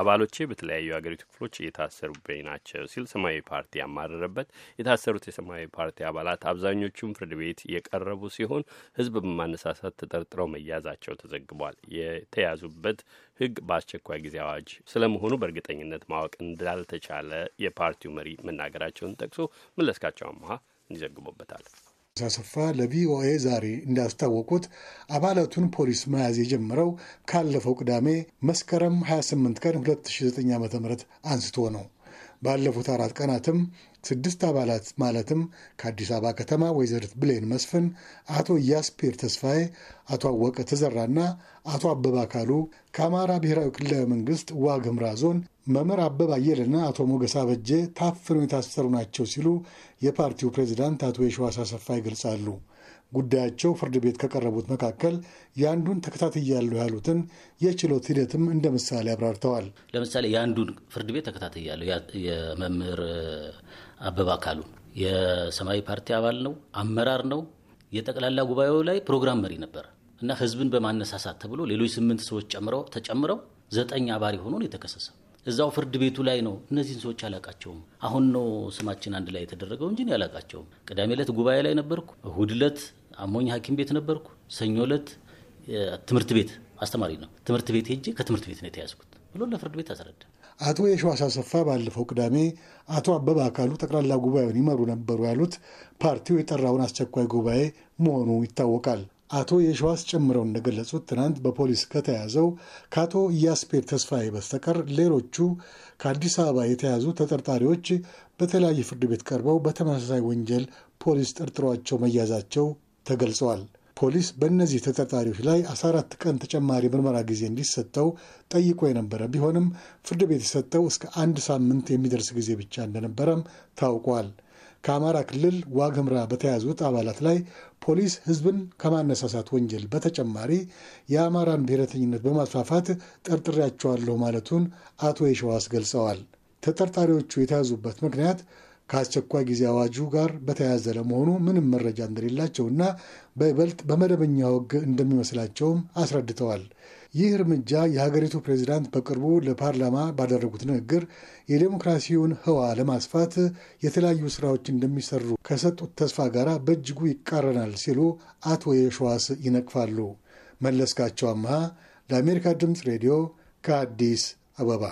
አባሎቼ በተለያዩ የሀገሪቱ ክፍሎች እየታሰሩብኝ ናቸው ሲል ሰማያዊ ፓርቲ ያማረረበት የታሰሩት የሰማያዊ ፓርቲ አባላት አብዛኞቹም ፍርድ ቤት የቀረቡ ሲሆን ሕዝብ በማነሳሳት ተጠርጥረው መያዛቸው ተዘግቧል። የተያዙበት ሕግ በአስቸኳይ ጊዜ አዋጅ ስለመሆኑ በእርግጠኝነት ማወቅ እንዳልተቻለ የፓርቲው መሪ መናገራቸውን ጠቅሶ መለስካቸው አመሀ እንዲዘግቦበታል። አሰፋ ለቪኦኤ ዛሬ እንዳስታወቁት አባላቱን ፖሊስ መያዝ የጀመረው ካለፈው ቅዳሜ መስከረም 28 ቀን 2009 ዓ.ም አንስቶ ነው። ባለፉት አራት ቀናትም ስድስት አባላት ማለትም ከአዲስ አበባ ከተማ ወይዘሪት ብሌን መስፍን፣ አቶ ያስፔር ተስፋዬ፣ አቶ አወቀ ተዘራና አቶ አበባ ካሉ ከአማራ ብሔራዊ ክልላዊ መንግስት ዋግ ኽምራ ዞን መምህር አበበ አየለና አቶ ሞገስ አበጄ ታፍነው የታሰሩ ናቸው ሲሉ የፓርቲው ፕሬዚዳንት አቶ የሸዋስ አሰፋ ይገልጻሉ። ጉዳያቸው ፍርድ ቤት ከቀረቡት መካከል የአንዱን ተከታትያለሁ ያሉትን የችሎት ሂደትም እንደ ምሳሌ አብራርተዋል። ለምሳሌ የአንዱን ፍርድ ቤት ተከታትያለሁ የመምህር አበባ አካሉ የሰማያዊ ፓርቲ አባል ነው፣ አመራር ነው። የጠቅላላ ጉባኤው ላይ ፕሮግራም መሪ ነበር እና ህዝብን በማነሳሳት ተብሎ ሌሎች ስምንት ሰዎች ጨምረው ተጨምረው ዘጠኝ አባሪ ሆኖ ነው የተከሰሰው። እዛው ፍርድ ቤቱ ላይ ነው። እነዚህን ሰዎች አላቃቸውም። አሁን ነው ስማችን አንድ ላይ የተደረገው እንጂ አላቃቸውም። ቅዳሜ ዕለት ጉባኤ ላይ ነበርኩ። እሁድ ዕለት አሞኝ ሐኪም ቤት ነበርኩ። ሰኞ ዕለት ትምህርት ቤት አስተማሪ ነው ትምህርት ቤት ሄጄ ከትምህርት ቤት ነው የተያዝኩት ብሎ ለፍርድ ቤት አስረዳ። አቶ የሸዋስ አሰፋ ባለፈው ቅዳሜ አቶ አበባ አካሉ ጠቅላላ ጉባኤውን ይመሩ ነበሩ ያሉት ፓርቲው የጠራውን አስቸኳይ ጉባኤ መሆኑ ይታወቃል። አቶ የሸዋስ ጨምረው እንደገለጹት ትናንት በፖሊስ ከተያዘው ከአቶ ኢያስፔር ተስፋዬ በስተቀር ሌሎቹ ከአዲስ አበባ የተያዙ ተጠርጣሪዎች በተለያየ ፍርድ ቤት ቀርበው በተመሳሳይ ወንጀል ፖሊስ ጠርጥሯቸው መያዛቸው ተገልጸዋል። ፖሊስ በእነዚህ ተጠርጣሪዎች ላይ 14 ቀን ተጨማሪ ምርመራ ጊዜ እንዲሰጠው ጠይቆ የነበረ ቢሆንም ፍርድ ቤት የሰጠው እስከ አንድ ሳምንት የሚደርስ ጊዜ ብቻ እንደነበረም ታውቋል። ከአማራ ክልል ዋግ ህምራ በተያዙት አባላት ላይ ፖሊስ ህዝብን ከማነሳሳት ወንጀል በተጨማሪ የአማራን ብሔረተኝነት በማስፋፋት ጠርጥሬያቸዋለሁ ማለቱን አቶ የሸዋስ ገልጸዋል። ተጠርጣሪዎቹ የተያዙበት ምክንያት ከአስቸኳይ ጊዜ አዋጁ ጋር በተያያዘ ለመሆኑ ምንም መረጃ እንደሌላቸውና በይበልጥ በመደበኛ ሕግ እንደሚመስላቸውም አስረድተዋል። ይህ እርምጃ የሀገሪቱ ፕሬዚዳንት በቅርቡ ለፓርላማ ባደረጉት ንግግር የዴሞክራሲውን ህዋ ለማስፋት የተለያዩ ስራዎች እንደሚሰሩ ከሰጡት ተስፋ ጋር በእጅጉ ይቃረናል ሲሉ አቶ የሸዋስ ይነቅፋሉ። መለስካቸው አምሃ ለአሜሪካ ድምፅ ሬዲዮ ከአዲስ አበባ